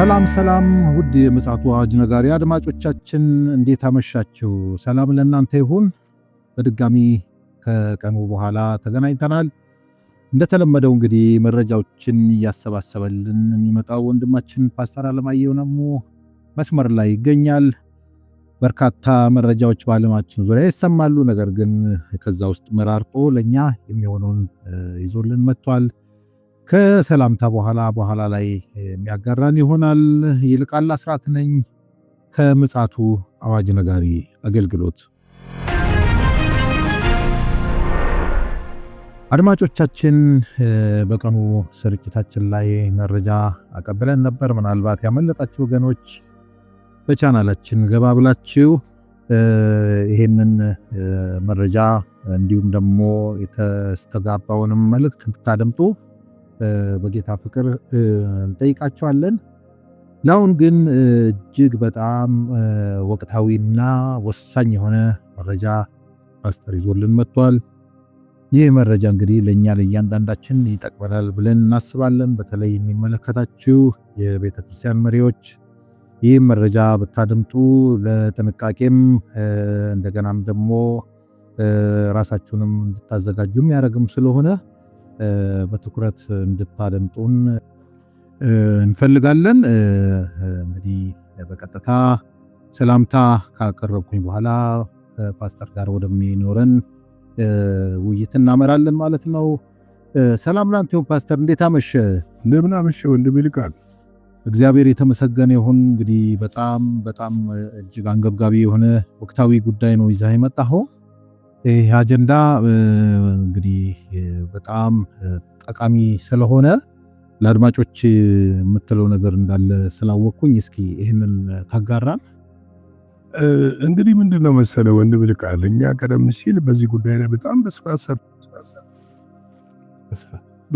ሰላም ሰላም ውድ የምፅዓቱ አዋጅ ነጋሪ አድማጮቻችን እንዴት አመሻችሁ? ሰላም ለእናንተ ይሁን። በድጋሚ ከቀኑ በኋላ ተገናኝተናል። እንደተለመደው እንግዲህ መረጃዎችን እያሰባሰበልን የሚመጣው ወንድማችን ፓስተር አለማየሁ ደግሞ መስመር ላይ ይገኛል። በርካታ መረጃዎች በዓለማችን ዙሪያ ይሰማሉ። ነገር ግን ከዛ ውስጥ መራርጦ ለእኛ የሚሆነውን ይዞልን መጥቷል። ከሰላምታ በኋላ በኋላ ላይ የሚያጋራን ይሆናል። ይልቃል አስራት ነኝ ከምፅዓቱ አዋጅ ነጋሪ አገልግሎት። አድማጮቻችን በቀኑ ስርጭታችን ላይ መረጃ አቀብለን ነበር። ምናልባት ያመለጣችሁ ወገኖች በቻናላችን ገባ ብላችሁ ይህንን መረጃ እንዲሁም ደግሞ የተስተጋባውንም መልእክት እንድታደምጡ በጌታ ፍቅር እንጠይቃቸዋለን። ለአሁን ግን እጅግ በጣም ወቅታዊና ወሳኝ የሆነ መረጃ ፓስተር ይዞልን መጥቷል። ይህ መረጃ እንግዲህ ለእኛ ለእያንዳንዳችን ይጠቅመናል ብለን እናስባለን። በተለይ የሚመለከታችሁ የቤተ ክርስቲያን መሪዎች ይህ መረጃ ብታደምጡ ለጥንቃቄም እንደገናም ደግሞ ራሳችሁንም እንድታዘጋጁም ያደረግም ስለሆነ በትኩረት እንድታደምጡን እንፈልጋለን። እንግዲህ በቀጥታ ሰላምታ ካቀረብኩኝ በኋላ ከፓስተር ጋር ወደሚኖረን ውይይት እናመራለን ማለት ነው። ሰላም ላንተ ፓስተር፣ እንዴት አመሸ? እንደምን አመሸ ወንድም ይልቃል። እግዚአብሔር የተመሰገነ ይሁን። እንግዲህ በጣም በጣም እጅግ አንገብጋቢ የሆነ ወቅታዊ ጉዳይ ነው ይዛ የመጣኸው ይህ አጀንዳ እንግዲህ በጣም ጠቃሚ ስለሆነ ለአድማጮች የምትለው ነገር እንዳለ ስላወቅኩኝ እስኪ ይህንን ታጋራል። እንግዲህ ምንድን ነው መሰለ ወንድም ልቃል እኛ ቀደም ሲል በዚህ ጉዳይ ላይ በጣም በስፋት ሰርተን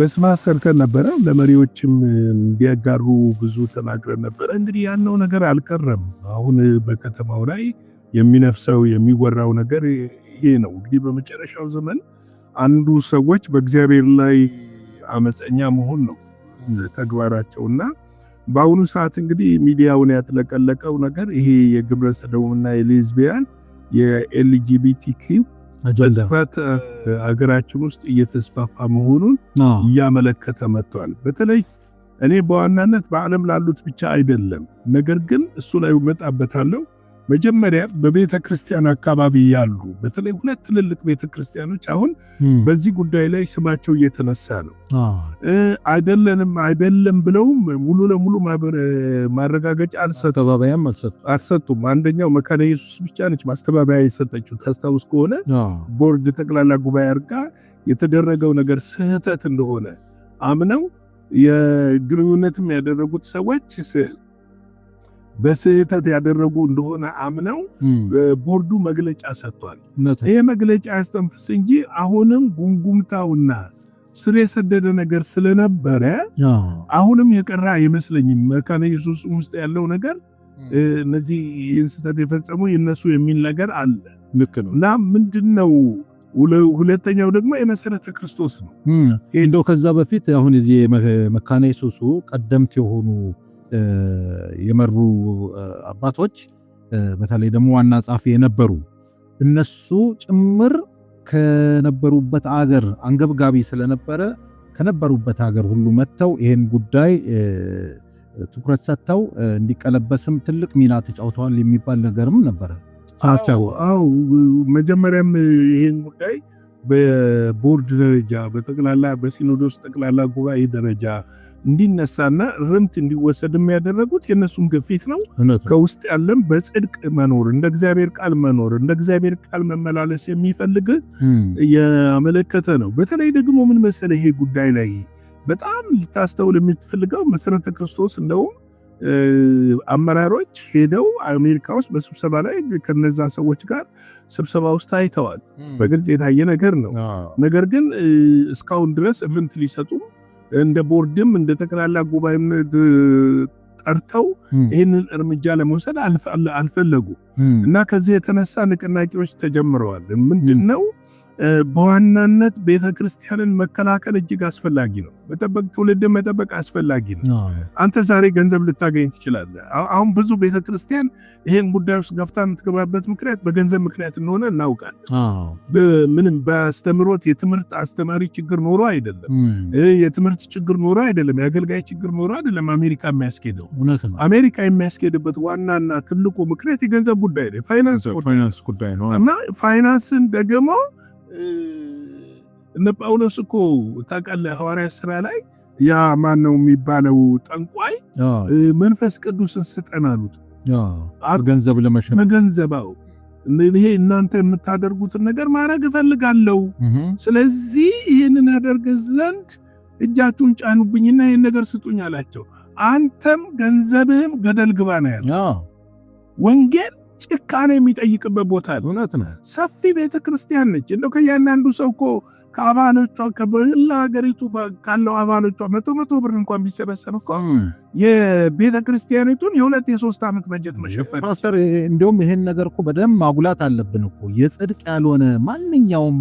በስፋት ሰርተን ነበረ። ለመሪዎችም እንዲያጋሩ ብዙ ተናግረን ነበረ። እንግዲህ ያነው ነገር አልቀረም። አሁን በከተማው ላይ የሚነፍሰው የሚወራው ነገር ይሄ ነው እንግዲህ በመጨረሻው ዘመን አንዱ ሰዎች በእግዚአብሔር ላይ አመፀኛ መሆን ነው ተግባራቸውና በአሁኑ ሰዓት እንግዲህ ሚዲያውን ያትለቀለቀው ነገር ይሄ የግብረ ሰዶምና የሌዝቢያን የኤልጂቢቲኪው በስፋት ሀገራችን ውስጥ እየተስፋፋ መሆኑን እያመለከተ መጥቷል። በተለይ እኔ በዋናነት በዓለም ላሉት ብቻ አይደለም፣ ነገር ግን እሱ ላይ መጣበታለው። መጀመሪያ በቤተ ክርስቲያን አካባቢ ያሉ በተለይ ሁለት ትልልቅ ቤተ ክርስቲያኖች አሁን በዚህ ጉዳይ ላይ ስማቸው እየተነሳ ነው። አይደለንም አይደለም ብለውም ሙሉ ለሙሉ ማረጋገጫ አልሰጡም። አንደኛው መካነ ኢየሱስ ብቻ ነች ማስተባበያ የሰጠችው። ታስታውስ ከሆነ ቦርድ ጠቅላላ ጉባኤ አድርጋ የተደረገው ነገር ስህተት እንደሆነ አምነው የግንኙነትም ያደረጉት ሰዎች በስህተት ያደረጉ እንደሆነ አምነው ቦርዱ መግለጫ ሰጥቷል። ይሄ መግለጫ ያስተንፍስ እንጂ አሁንም ጉምጉምታውና ስር የሰደደ ነገር ስለነበረ አሁንም የቀረ አይመስለኝም። መካነ ኢየሱስ ውስጥ ያለው ነገር እነዚህ ይህን ስህተት የፈጸሙ የነሱ የሚል ነገር አለ እና ምንድን ነው ሁለተኛው ደግሞ የመሰረተ ክርስቶስ ነው። እንደው ከዛ በፊት አሁን የዚህ መካነ ኢየሱሱ ቀደምት የሆኑ የመሩ አባቶች በተለይ ደግሞ ዋና ጻፊ የነበሩ እነሱ ጭምር ከነበሩበት አገር አንገብጋቢ ስለነበረ ከነበሩበት ሀገር ሁሉ መጥተው ይህን ጉዳይ ትኩረት ሰጥተው እንዲቀለበስም ትልቅ ሚና ተጫውተዋል የሚባል ነገርም ነበረ። ሳቸው አው መጀመሪያም ይህን ጉዳይ በቦርድ ደረጃ በጠቅላላ በሲኖዶስ ጠቅላላ ጉባኤ ደረጃ እንዲነሳና ርምት እንዲወሰድ የሚያደረጉት የእነሱም ግፊት ነው። ከውስጥ ያለም በጽድቅ መኖር እንደ እግዚአብሔር ቃል መኖር እንደ እግዚአብሔር ቃል መመላለስ የሚፈልግ ያመለከተ ነው። በተለይ ደግሞ ምን መሰለ ይሄ ጉዳይ ላይ በጣም ልታስተውል የምትፈልገው መሰረተ ክርስቶስ እንደውም አመራሮች ሄደው አሜሪካ ውስጥ በስብሰባ ላይ ከነዛ ሰዎች ጋር ስብሰባ ውስጥ ታይተዋል። በግልጽ የታየ ነገር ነው። ነገር ግን እስካሁን ድረስ እርምት ሊሰጡም እንደ ቦርድም እንደ ጠቅላላ ጉባኤም ጠርተው ይህንን እርምጃ ለመውሰድ አልፈለጉ እና ከዚህ የተነሳ ንቅናቄዎች ተጀምረዋል። ምንድን ነው በዋናነት ቤተ ክርስቲያንን መከላከል እጅግ አስፈላጊ ነው። መጠበቅ ትውልድ መጠበቅ አስፈላጊ ነው። አንተ ዛሬ ገንዘብ ልታገኝ ትችላለህ። አሁን ብዙ ቤተ ክርስቲያን ይሄን ጉዳይ ውስጥ ገፍታ የምትገባበት ምክንያት በገንዘብ ምክንያት እንደሆነ እናውቃለን። ምንም በአስተምሮት የትምህርት አስተማሪ ችግር ኖሮ አይደለም፣ የትምህርት ችግር ኖሮ አይደለም፣ የአገልጋይ ችግር ኖሮ አይደለም። አሜሪካ የሚያስኬደው አሜሪካ የሚያስኬድበት ዋናና ትልቁ ምክንያት የገንዘብ ጉዳይ ነው፣ ፋይናንስ ጉዳይ ነው እና ፋይናንስን ደግሞ እነ ጳውሎስ እኮ ታውቃለህ፣ ሐዋርያ ስራ ላይ ያ ማን ነው የሚባለው ጠንቋይ መንፈስ ቅዱስን ስጠን አሉት፣ ገንዘብ ለመሸጥ መገንዘባው ይሄ እናንተ የምታደርጉትን ነገር ማድረግ እፈልጋለሁ። ስለዚህ ይህንን ያደርግ ዘንድ እጃችሁን ጫኑብኝና ይህን ነገር ስጡኝ አላቸው። አንተም ገንዘብህም ገደል ግባ ነው ያለው ወንጌል ጭካኔ የሚጠይቅበት ቦታ ነው። እውነት ነህ። ሰፊ ቤተ ክርስቲያን ነች። እንደው ከእያንዳንዱ ሰው እኮ ከአባሎቿ ከበላ ሀገሪቱ ካለው አባሎቿ መቶ መቶ ብር እንኳን ቢሰበሰብ እኮ የቤተ ክርስቲያኒቱን የሁለት የሶስት ዓመት በጀት መሸፈን። ፓስተር፣ እንዲሁም ይህን ነገር እኮ በደንብ ማጉላት አለብን እኮ የጽድቅ ያልሆነ ማንኛውም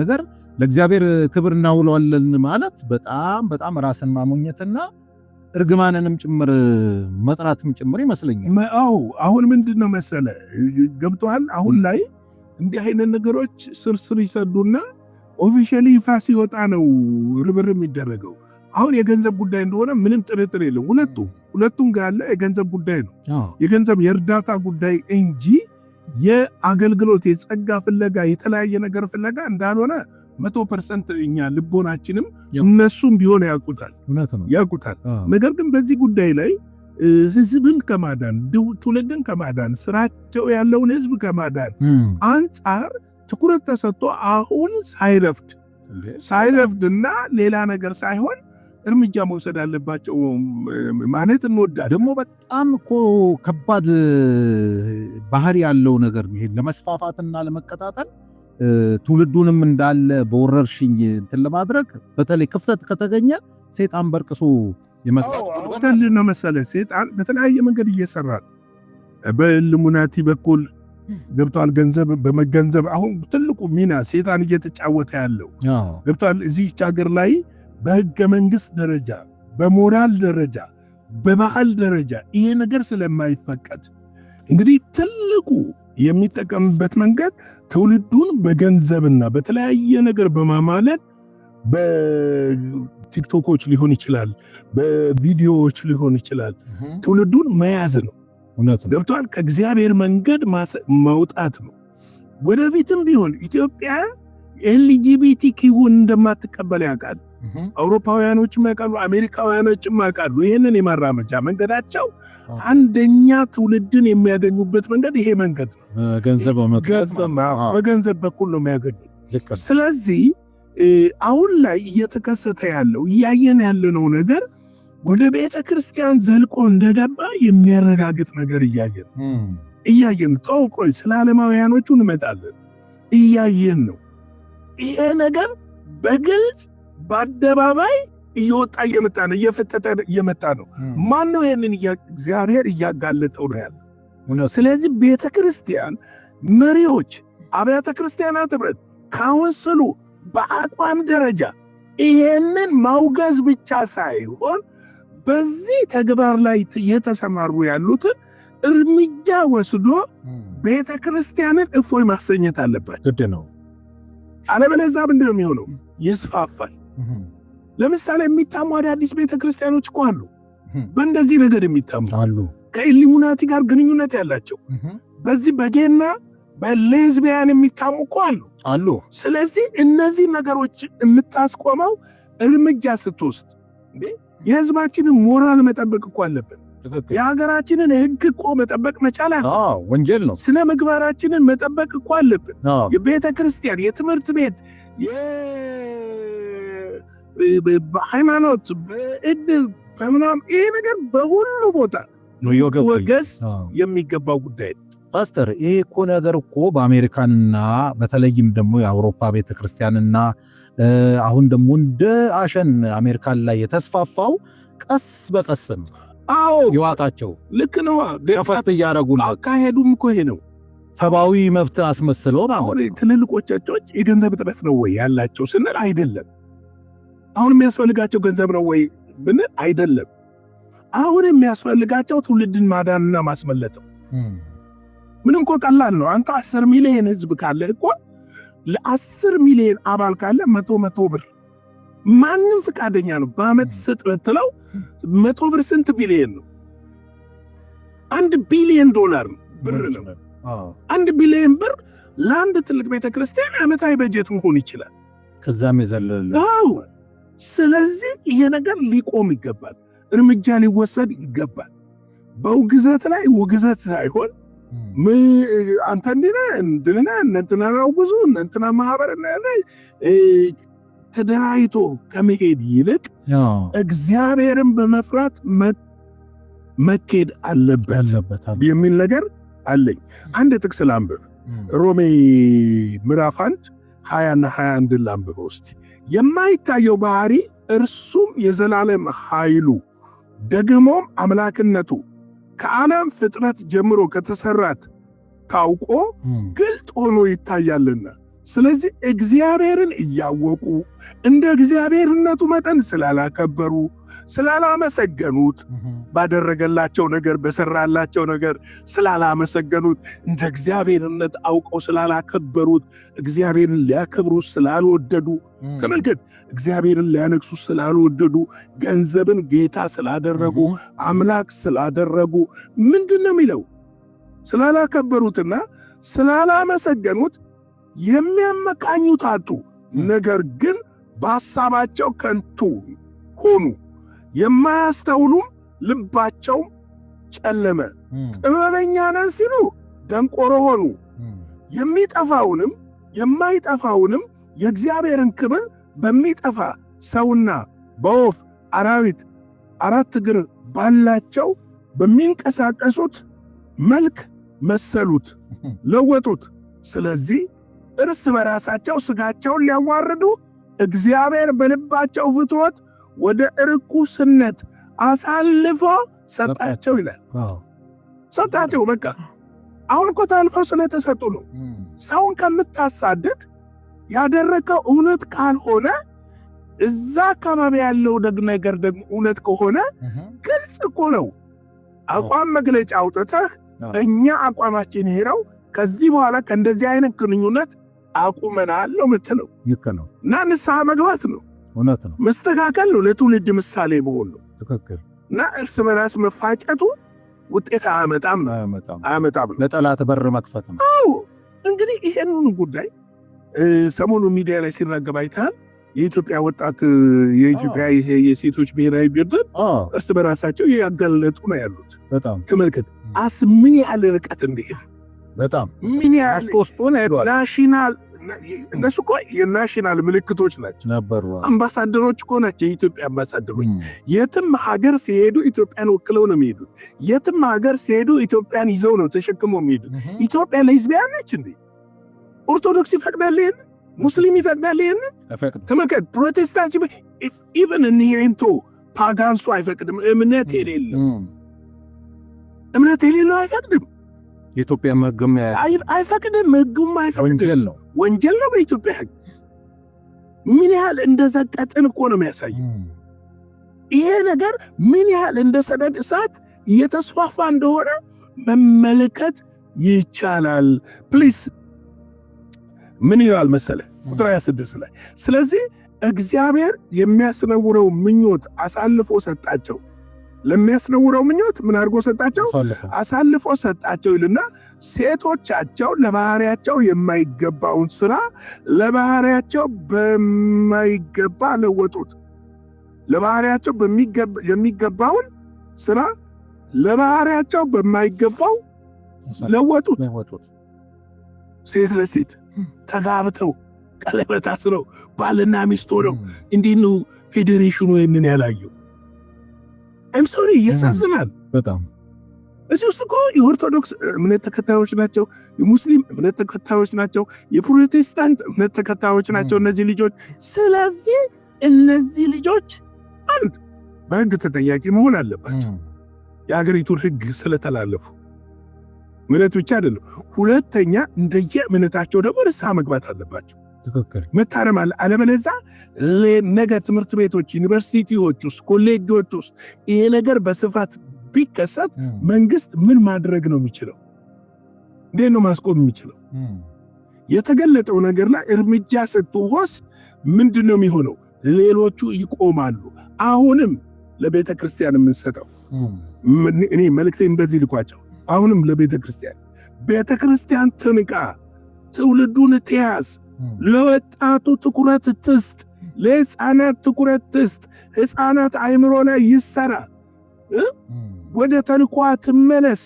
ነገር ለእግዚአብሔር ክብር እናውለዋለን ማለት በጣም በጣም ራስን ማሞኘትና እርግማንንም ጭምር መጥራትም ጭምር ይመስለኛል። አዎ አሁን ምንድን ነው መሰለ ገብተዋል። አሁን ላይ እንዲህ አይነት ነገሮች ስርስር ይሰዱና ኦፊሻሊ ይፋ ሲወጣ ነው ርብርብ የሚደረገው። አሁን የገንዘብ ጉዳይ እንደሆነ ምንም ጥርጥር የለም። ሁለቱም ሁለቱም ጋር ያለ የገንዘብ ጉዳይ ነው፣ የገንዘብ የእርዳታ ጉዳይ እንጂ የአገልግሎት የጸጋ ፍለጋ የተለያየ ነገር ፍለጋ እንዳልሆነ መቶ ፐርሰንት እኛ ልቦናችንም እነሱም ቢሆን ያውቁታል ያውቁታል። ነገር ግን በዚህ ጉዳይ ላይ ህዝብን ከማዳን ትውልድን ከማዳን ስራቸው ያለውን ህዝብ ከማዳን አንጻር ትኩረት ተሰጥቶ አሁን ሳይረፍድ እና ሌላ ነገር ሳይሆን እርምጃ መውሰድ አለባቸው ማለት እንወዳል። ደግሞ በጣም እኮ ከባድ ባህሪ ያለው ነገር ይሄ ለመስፋፋትና ለመቀጣጠል ትውልዱንም እንዳለ በወረርሽኝ እንትን ለማድረግ በተለይ ክፍተት ከተገኘ ሴጣን በርቅሶ ይመጣል ነው መሰለ። ሴጣን በተለያየ መንገድ እየሰራል። በልሙናቲ በኩል ገብቷል። ገንዘብ በመገንዘብ አሁን ትልቁ ሚና ሴጣን እየተጫወተ ያለው ገብቷል። እዚህች ሀገር ላይ በህገ መንግስት ደረጃ፣ በሞራል ደረጃ፣ በባህል ደረጃ ይሄ ነገር ስለማይፈቀድ እንግዲህ ትልቁ የሚጠቀምበት መንገድ ትውልዱን በገንዘብና በተለያየ ነገር በማማለል በቲክቶኮች ሊሆን ይችላል፣ በቪዲዮዎች ሊሆን ይችላል። ትውልዱን መያዝ ነው። ገብቷል። ከእግዚአብሔር መንገድ ማውጣት ነው። ወደፊትም ቢሆን ኢትዮጵያ ኤልጂቢቲ ኪውን እንደማትቀበል ያውቃል። አውሮፓውያኖችም ያውቃሉ፣ አሜሪካውያኖችም ያውቃሉ። ይህንን የማራመጃ መንገዳቸው አንደኛ ትውልድን የሚያገኙበት መንገድ ይሄ መንገድ ነው። በገንዘብ በኩል ነው የሚያገኙ። ስለዚህ አሁን ላይ እየተከሰተ ያለው እያየን ያለነው ነገር ወደ ቤተ ክርስቲያን ዘልቆ እንደገባ የሚያረጋግጥ ነገር እያየን እያየን ጠው ቆይ ስለ ዓለማውያኖቹ እንመጣለን። እያየን ነው ይሄ ነገር በግልጽ በአደባባይ እየወጣ እየመጣ ነው፣ እየፈጠጠ እየመጣ ነው። ማን ነው ይህንን? እግዚአብሔር እያጋለጠው ነው ያለ። ስለዚህ ቤተ ክርስቲያን መሪዎች፣ አብያተ ክርስቲያናት ህብረት፣ ካውንስሉ በአቋም ደረጃ ይሄንን ማውገዝ ብቻ ሳይሆን በዚህ ተግባር ላይ የተሰማሩ ያሉትን እርምጃ ወስዶ ቤተ ክርስቲያንን እፎይ ማሰኘት አለበት፣ ግድ ነው። አለበለዚያ ምንድን ነው የሚሆነው? ይስፋፋል። ለምሳሌ የሚታሙ አዳዲስ ቤተ ክርስቲያኖች እኮ አሉ። በእንደዚህ ረገድ የሚታሙ አሉ፣ ከኢሊሙናቲ ጋር ግንኙነት ያላቸው በዚህ በጌና በሌዝቢያን የሚታሙ እኮ አሉ አሉ። ስለዚህ እነዚህ ነገሮች የምታስቆመው እርምጃ ስትወስድ የህዝባችንን ሞራል መጠበቅ እኮ አለብን። የሀገራችንን ህግ እኮ መጠበቅ መቻል ወንጀል ነው። ስነ ምግባራችንን መጠበቅ እኮ አለብን። የቤተ ክርስቲያን፣ የትምህርት ቤት በሃይማኖት፣ በእድል በምናም ይህ ነገር በሁሉ ቦታ ወገዝ የሚገባው ጉዳይ ነው። ፓስተር፣ ይሄ እኮ ነገር እኮ በአሜሪካንና በተለይም ደግሞ የአውሮፓ ቤተክርስቲያንና አሁን ደግሞ እንደ አሸን አሜሪካን ላይ የተስፋፋው ቀስ በቀስ ነው። አዎ ይዋጣቸው ልክ ነው። ፈት እያደረጉ ነው። አካሄዱም እኮ ይሄ ነው። ሰብአዊ መብት አስመስለው አሁን ትልልቆቻቸዎች የገንዘብ እጥረት ነው ወይ ያላቸው ስንል አይደለም አሁን የሚያስፈልጋቸው ገንዘብ ነው ወይ ብንል አይደለም። አሁን የሚያስፈልጋቸው ትውልድን ማዳንና ማስመለጥ ነው። ምን እንኮ ቀላል ነው። አንተ አስር ሚሊዮን ህዝብ ካለ እኮ ለአስር ሚሊዮን አባል ካለ መቶ መቶ ብር ማንም ፈቃደኛ ነው። በአመት ስጥ ብትለው መቶ ብር ስንት ቢሊየን ነው? አንድ ቢሊየን ዶላር ብር ነው። አንድ ቢሊየን ብር ለአንድ ትልቅ ቤተክርስቲያን አመታዊ በጀት መሆን ይችላል። ከዛም የዘለለ ስለዚህ ይሄ ነገር ሊቆም ይገባል፣ እርምጃ ሊወሰድ ይገባል። በውግዘት ላይ ውግዘት ሳይሆን አንተ እንዲነ እንድንነ እነንትና ጉዙ እነንትና ማህበር ተደራይቶ ከመሄድ ይልቅ እግዚአብሔርን በመፍራት መኬድ አለበት የሚል ነገር አለኝ። አንድ ጥቅስ ላንብብ። ሮሜ ምዕራፍ አንድ ሀያና ሀያ አንድን ላንብበው ውስጥ የማይታየው ባህሪ እርሱም የዘላለም ኃይሉ ደግሞም አምላክነቱ ከዓለም ፍጥረት ጀምሮ ከተሰራት ታውቆ ግልጥ ሆኖ ይታያልና ስለዚህ እግዚአብሔርን እያወቁ እንደ እግዚአብሔርነቱ መጠን ስላላከበሩ፣ ስላላመሰገኑት ባደረገላቸው ነገር በሰራላቸው ነገር ስላላመሰገኑት፣ እንደ እግዚአብሔርነት አውቀው ስላላከበሩት፣ እግዚአብሔርን ሊያከብሩ ስላልወደዱ፣ ተመልከት፣ እግዚአብሔርን ሊያነግሱ ስላልወደዱ፣ ገንዘብን ጌታ ስላደረጉ፣ አምላክ ስላደረጉ ምንድን ነው የሚለው ስላላከበሩትና ስላላመሰገኑት የሚያመቃኙት አጡ፣ ነገር ግን በሐሳባቸው ከንቱ ሆኑ። የማያስተውሉም ልባቸው ጨለመ። ጥበበኛ ነን ሲሉ ደንቆሮ ሆኑ። የሚጠፋውንም የማይጠፋውንም የእግዚአብሔርን ክብር በሚጠፋ ሰውና በወፍ አራዊት አራት እግር ባላቸው በሚንቀሳቀሱት መልክ መሰሉት፣ ለወጡት። ስለዚህ እርስ በራሳቸው ስጋቸውን ሊያዋርዱ እግዚአብሔር በልባቸው ፍትወት ወደ እርኩስነት አሳልፎ ሰጣቸው ይላል። ሰጣቸው በቃ አሁን እኮ ታልፈው ስለተሰጡ ነው። ሰውን ከምታሳድድ ያደረገው እውነት ካልሆነ እዛ አካባቢ ያለው ደግ ነገር ደግሞ እውነት ከሆነ ግልጽ እኮ ነው። አቋም መግለጫ አውጥተህ እኛ አቋማችን ሄረው ከዚህ በኋላ ከእንደዚህ አይነት ግንኙነት አቁመናል ነው የምትለው። ልክ ነው። እና ንስሐ መግባት ነው። እውነት ነው። መስተካከል ነው። ለትውልድ ምሳሌ መሆን ነው። ትክክል። እና እርስ በራስ መፋጨቱ ውጤት አያመጣም አያመጣም፣ ለጠላት በር መክፈት ነው። አዎ እንግዲህ ይሄንን ጉዳይ ሰሞኑ ሚዲያ ላይ ሲራገብ አይተሃል። የኢትዮጵያ ወጣት የኢትዮጵያ የሴቶች ብሔራዊ ቡድን እርስ በራሳቸው ያጋለጡ ነው ያሉት። በጣም ተመልከት አስ ምን ያህል ርቀት እንደሄዱ በጣም ምን ያህል አስቆስጦን ሄዷል። ናሽናል እነሱ እኮ የናሽናል ምልክቶች ናቸው ነበሩ። አምባሳደሮች እኮ ናቸው የኢትዮጵያ አምባሳደሮች። የትም ሀገር ሲሄዱ ኢትዮጵያን ወክለው ነው የሚሄዱ። የትም ሀገር ሲሄዱ ኢትዮጵያን ይዘው ነው ተሸክመው የሚሄዱ። ኢትዮጵያ ለህዝብ ያለች እንዴ? ኦርቶዶክስ ይፈቅዳል ይህን፣ ሙስሊም ይፈቅዳል ይህን፣ ተመልከት። ፕሮቴስታንት ኢቨን እንሄንቶ ፓጋንሱ አይፈቅድም። እምነት የሌለው እምነት የሌለው አይፈቅድም። የኢትዮጵያ ሕግም አይፈቅድም። ሕግም አይፈቅድም። ወንጀል ነው፣ ወንጀል ነው በኢትዮጵያ ህግ። ምን ያህል እንደዘቀጥን እኮ ነው የሚያሳይ። ይሄ ነገር ምን ያህል እንደ ሰደድ እሳት እየተስፋፋ እንደሆነ መመልከት ይቻላል። ፕሊስ ምን ይላል መሰለ ቁጥር 26 ላይ ስለዚህ እግዚአብሔር የሚያስነውረው ምኞት አሳልፎ ሰጣቸው። ለሚያስነውረው ምኞት ምን አድርጎ ሰጣቸው? አሳልፎ ሰጣቸው ይልና ሴቶቻቸው ለባህሪያቸው የማይገባውን ስራ ለባህሪያቸው በማይገባ ለወጡት። ለባህሪያቸው የሚገባውን ስራ ለባህሪያቸው በማይገባው ለወጡት። ሴት ለሴት ተጋብተው ቀለበት አስረው ባልና ሚስት ሆነው እንዲህ ነው ፌዴሬሽኑ ይህንን ያላየው አይም ሶሪ ያሳዝናል በጣም እዚህ ውስጥ እኮ የኦርቶዶክስ እምነት ተከታዮች ናቸው፣ የሙስሊም እምነት ተከታዮች ናቸው፣ የፕሮቴስታንት እምነት ተከታዮች ናቸው እነዚህ ልጆች። ስለዚህ እነዚህ ልጆች አንድ በህግ ተጠያቂ መሆን አለባቸው የሀገሪቱን ህግ ስለተላለፉ እምነት ብቻ አይደለም። ሁለተኛ እንደየ እምነታቸው ደግሞ ንስሐ መግባት አለባቸው። መታረም አለ። አለበለዛ ነገ ትምህርት ቤቶች፣ ዩኒቨርሲቲዎች ውስጥ ኮሌጆች ውስጥ ይሄ ነገር በስፋት ቢከሰት መንግስት ምን ማድረግ ነው የሚችለው? እንዴት ነው ማስቆም የሚችለው? የተገለጠው ነገር ላይ እርምጃ ስትወስድ ምንድን ነው የሚሆነው? ሌሎቹ ይቆማሉ። አሁንም ለቤተ ክርስቲያን የምንሰጠው እኔ መልእክቴን በዚህ ልኳቸው። አሁንም ለቤተ ክርስቲያን ቤተ ክርስቲያን ትንቃ፣ ትውልዱን ትያዝ። ለወጣቱ ትኩረት ትስጥ፣ ለህፃናት ትኩረት ትስጥ። ህፃናት አይምሮ ላይ ይሰራ፣ ወደ ተልኳ ትመለስ።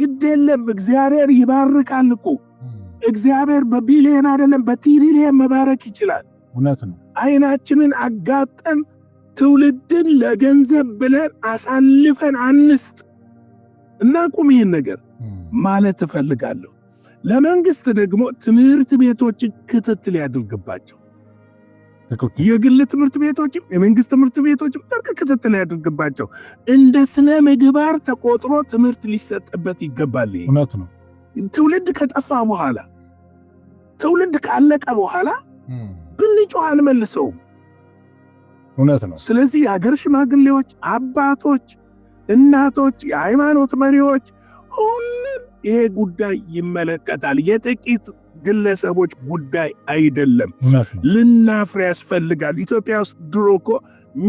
ግድ የለም እግዚአብሔር ይባርካል እኮ እግዚአብሔር በቢሊየን አይደለም በትሪሊየን መባረክ ይችላል። እውነት ነው። አይናችንን አጋጠን ትውልድን ለገንዘብ ብለን አሳልፈን አንስጥ። ቁም ይህን ነገር ማለት እፈልጋለሁ። ለመንግስት ደግሞ ትምህርት ቤቶችን ክትትል ያድርግባቸው። የግል ትምህርት ቤቶችም የመንግስት ትምህርት ቤቶችም ጥብቅ ክትትል ያድርግባቸው። እንደ ስነ ምግባር ተቆጥሮ ትምህርት ሊሰጥበት ይገባል። እውነት ነው። ትውልድ ከጠፋ በኋላ ትውልድ ካለቀ በኋላ ብንጮህ አንመልሰውም እውነት ነው። ስለዚህ የሀገር ሽማግሌዎች፣ አባቶች፣ እናቶች፣ የሃይማኖት መሪዎች ሁሉም ይሄ ጉዳይ ይመለከታል። የጥቂት ግለሰቦች ጉዳይ አይደለም። ልናፍር ያስፈልጋል። ኢትዮጵያ ውስጥ ድሮ እኮ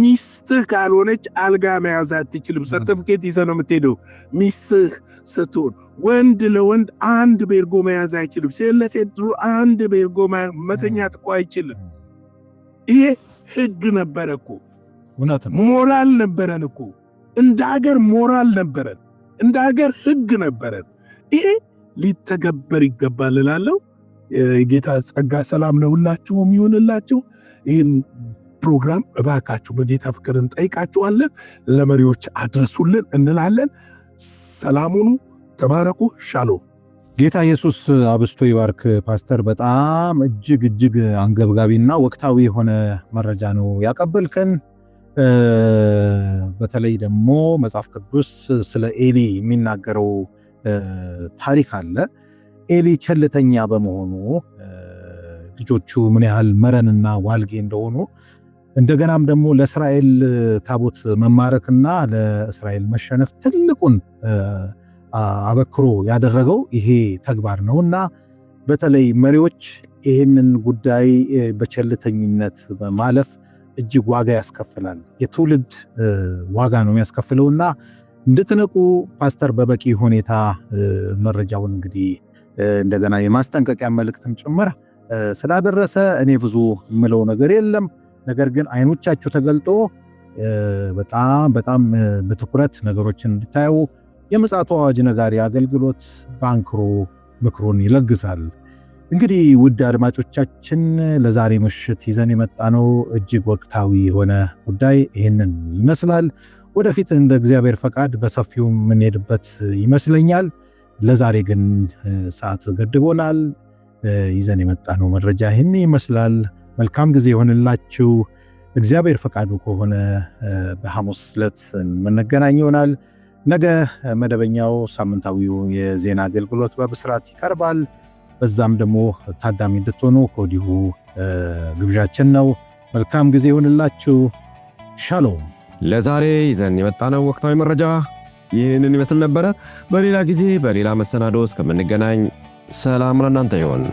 ሚስትህ ካልሆነች አልጋ መያዝ አትችልም። ሰርተፊኬት ይዘህ ነው የምትሄደው። ሚስትህ ስትሆን ወንድ ለወንድ አንድ ቤርጎ መያዝ አይችልም። ሴት ለሴት ድሮ አንድ ቤርጎ መተኛት እኮ አይችልም። ይሄ ህግ ነበረ እኮ ሞራል ነበረን እኮ እንደ ሀገር ሞራል ነበረን፣ እንደ ሀገር ህግ ነበረን። ይሄ ሊተገበር ይገባል እላለሁ። የጌታ ጸጋ ሰላም ለሁላችሁም ይሁንላችሁ። ይህን ፕሮግራም እባካችሁ በጌታ ፍቅር እንጠይቃችኋለን። ለመሪዎች አድረሱልን እንላለን። ሰላሙኑ ተባረኩ። ሻሎ ጌታ ኢየሱስ አብስቶ ይባርክ። ፓስተር፣ በጣም እጅግ እጅግ አንገብጋቢና ወቅታዊ የሆነ መረጃ ነው ያቀበልከን። በተለይ ደግሞ መጽሐፍ ቅዱስ ስለ ኤሊ የሚናገረው ታሪክ አለ። ኤሊ ቸልተኛ በመሆኑ ልጆቹ ምን ያህል መረንና ዋልጌ እንደሆኑ እንደገናም ደግሞ ለእስራኤል ታቦት መማረክና ለእስራኤል መሸነፍ ትልቁን አበክሮ ያደረገው ይሄ ተግባር ነው እና በተለይ መሪዎች ይህንን ጉዳይ በቸልተኝነት በማለፍ እጅግ ዋጋ ያስከፍላል። የትውልድ ዋጋ ነው የሚያስከፍለው እና። እንድትነቁ ፓስተር በበቂ ሁኔታ መረጃውን እንግዲህ እንደገና የማስጠንቀቂያ መልእክትም ጭምር ስላደረሰ እኔ ብዙ የምለው ነገር የለም። ነገር ግን አይኖቻችሁ ተገልጦ በጣም በጣም በትኩረት ነገሮችን እንድታዩ የምፅዓቱ አዋጅ ነጋሪ አገልግሎት በአንክሮ ምክሩን ይለግሳል። እንግዲህ ውድ አድማጮቻችን ለዛሬ ምሽት ይዘን የመጣ ነው እጅግ ወቅታዊ የሆነ ጉዳይ ይህንን ይመስላል። ወደፊት እንደ እግዚአብሔር ፈቃድ በሰፊው የምንሄድበት ይመስለኛል። ለዛሬ ግን ሰዓት ገድቦናል። ይዘን የመጣነው መረጃ ይህን ይመስላል። መልካም ጊዜ የሆንላችሁ። እግዚአብሔር ፈቃዱ ከሆነ በሐሙስ ዕለት የምንገናኝ ይሆናል። ነገ መደበኛው ሳምንታዊው የዜና አገልግሎት በብስራት ይቀርባል። በዛም ደግሞ ታዳሚ እንድትሆኑ ከወዲሁ ግብዣችን ነው። መልካም ጊዜ ይሆንላችሁ። ሻሎም ለዛሬ ይዘን የመጣነው ወቅታዊ መረጃ ይህንን ይመስል ነበረ። በሌላ ጊዜ በሌላ መሰናዶ እስከምንገናኝ ሰላም ለእናንተ ይሆን።